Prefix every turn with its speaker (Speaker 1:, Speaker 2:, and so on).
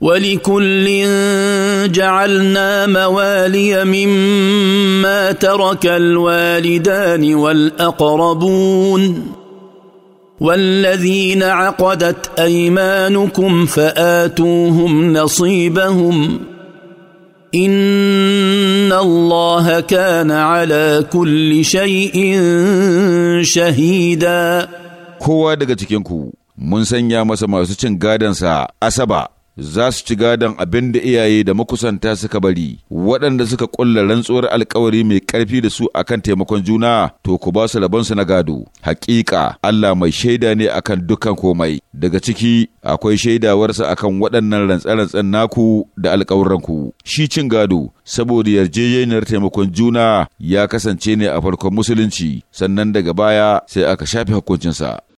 Speaker 1: ولكل جعلنا موالي مما ترك الوالدان والاقربون والذين عقدت ايمانكم فاتوهم نصيبهم ان الله كان على كل شيء شهيدا
Speaker 2: kowa daga من سنيا sanya masu cin gadansa asaba za su ci gadon abin da iyaye da makusanta suka bari waɗanda suka ƙulla rantsuwar alkawari mai ƙarfi da su akan taimakon juna to ku ba su rabonsu na gado Haƙiƙa Allah mai shaida ne akan dukkan komai daga ciki akwai shaidawarsa akan waɗannan rantsarantsar naku da alkawuranku shi cin gado saboda yarjejeniyar taimakon juna ya kasance ne a farkon musulunci sannan daga baya sai aka shafe hukuncinsa